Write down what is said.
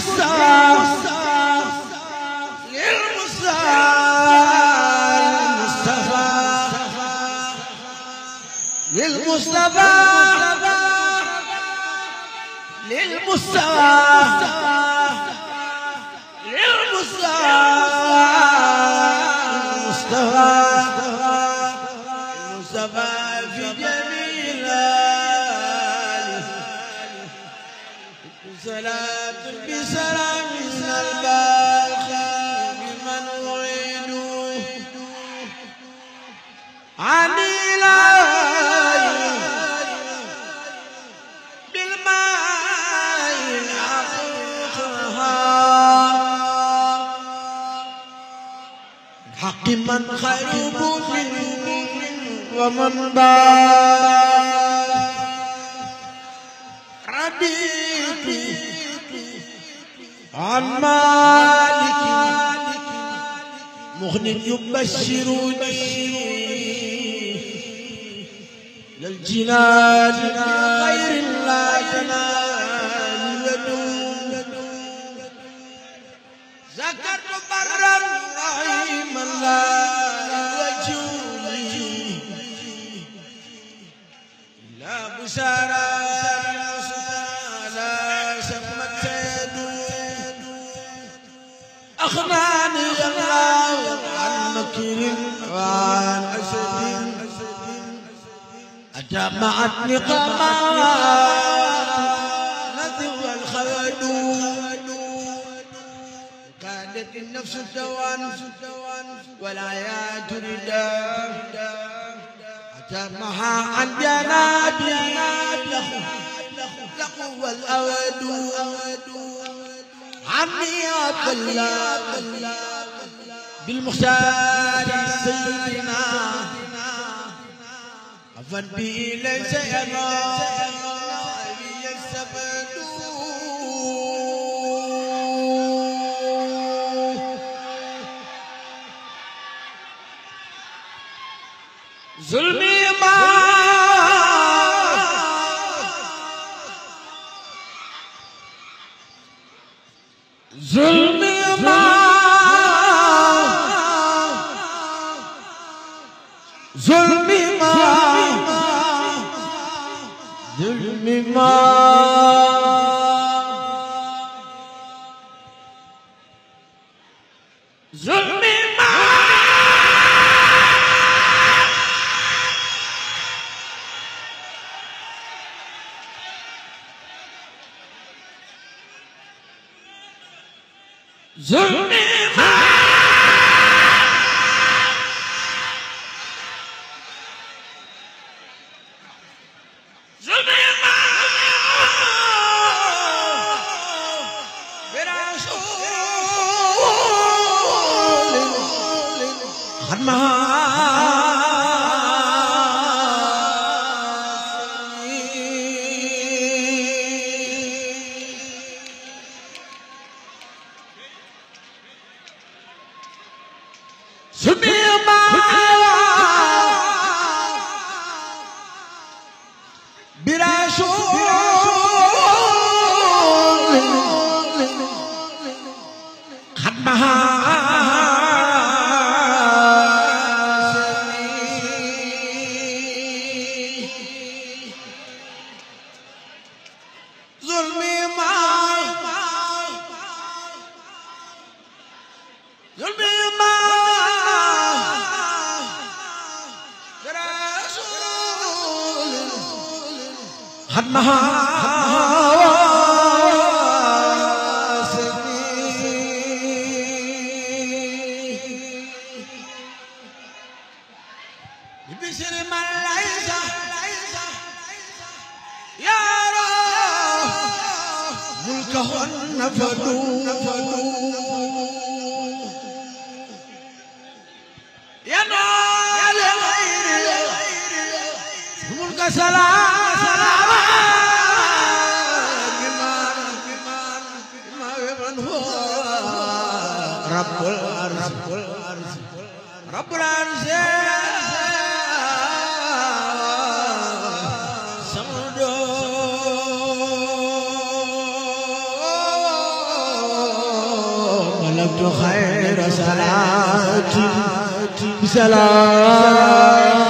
للمصطفى للمصطفى صلاة بسلام من الباخي بمن أعيد عن إلهي بالماء حق من خير مؤمن ومن بار عبيدي عن مالك مغن يبشرني للجنان خير لا ينال ذكرت برا رحيم الله وجوني لا بشارة شوكي وعن أسد أجمعت نقما نذو الخلد كادت النفس الدوان والعيات لله أجمعها عن جنابي لقوا الأود عني يا قلاب bil muxtaari sayyidina afan bi lay seyanoo zulmi zulmi ma zulmi ma Submit. سلام رب العرش رب العرش ملكت خير صلاتي بسلام